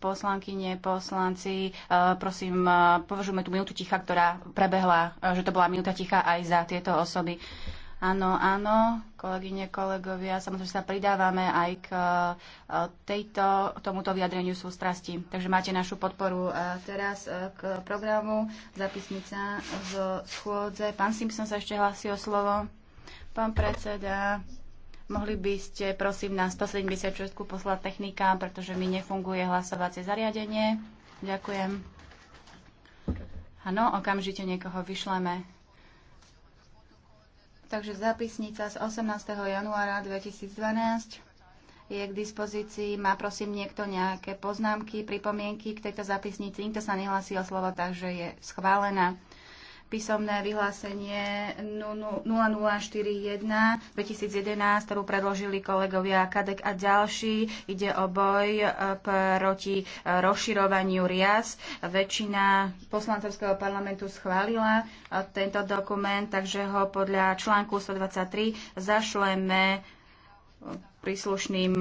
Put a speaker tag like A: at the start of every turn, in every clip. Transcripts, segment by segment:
A: poslankyne, poslanci, e, prosím, e, považujme tú minútu ticha, ktorá prebehla, e, že to bola minúta ticha aj za tieto osoby. Áno, áno, kolegyne, kolegovia, samozrejme sa pridávame aj k tejto, tomuto vyjadreniu sústrasti. Takže máte našu podporu A teraz k programu. Zapisnica zo schôdze. Pán Simpson sa ešte hlási o slovo. Pán predseda. Mohli by ste prosím na 176 poslať technikám, pretože mi nefunguje hlasovacie zariadenie. Ďakujem. Áno, okamžite niekoho vyšleme. Takže zápisnica z 18. januára 2012 je k dispozícii. Má prosím niekto nejaké poznámky, pripomienky k tejto zápisnici? Nikto sa nehlasí o slovo, takže je schválená písomné vyhlásenie 0041 2011, ktorú predložili kolegovia Kadek a ďalší. Ide o boj e, proti e, rozširovaniu rias. Väčšina poslancovského parlamentu schválila e, tento dokument, takže ho podľa článku 123 zašleme príslušným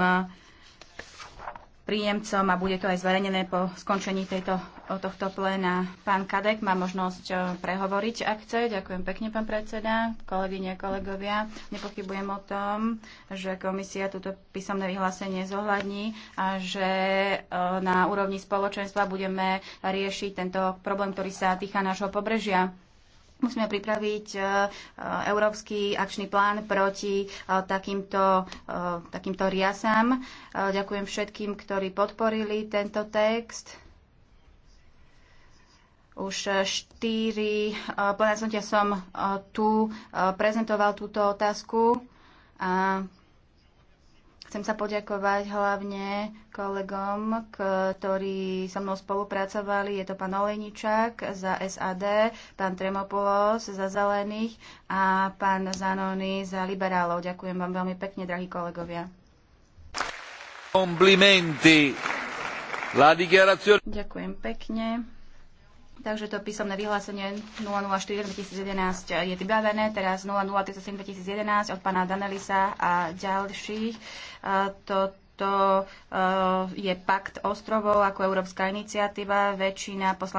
A: príjemcom a bude to aj zverejnené po skončení tejto, tohto pléna. Pán Kadek má možnosť e, prehovoriť, ak chce. Ďakujem pekne, pán predseda, kolegyne, kolegovia. Nepochybujem o tom, že komisia túto písomné vyhlásenie zohľadní a že e, na úrovni spoločenstva budeme riešiť tento problém, ktorý sa týka nášho pobrežia. Musíme pripraviť e, e, európsky akčný plán proti e, takýmto, takýmto riasám. Ďakujem všetkým, ktorí podporili tento text. Už štyri plné som tu prezentoval túto otázku a Chcem sa poďakovať hlavne kolegom, ktorí so mnou spolupracovali. Je to pán Olejničák za SAD, pán Tremopulos za Zelených a pán Zanony za Liberálov. Ďakujem vám veľmi pekne, drahí kolegovia. Komplimenty. Ďakujem pekne. Takže to písomné vyhlásenie 004-2011 je vybavené, teraz 003 2011 od pána Danelisa a ďalších. E, toto e, je pakt ostrovov ako európska iniciatíva, väčšina poslancov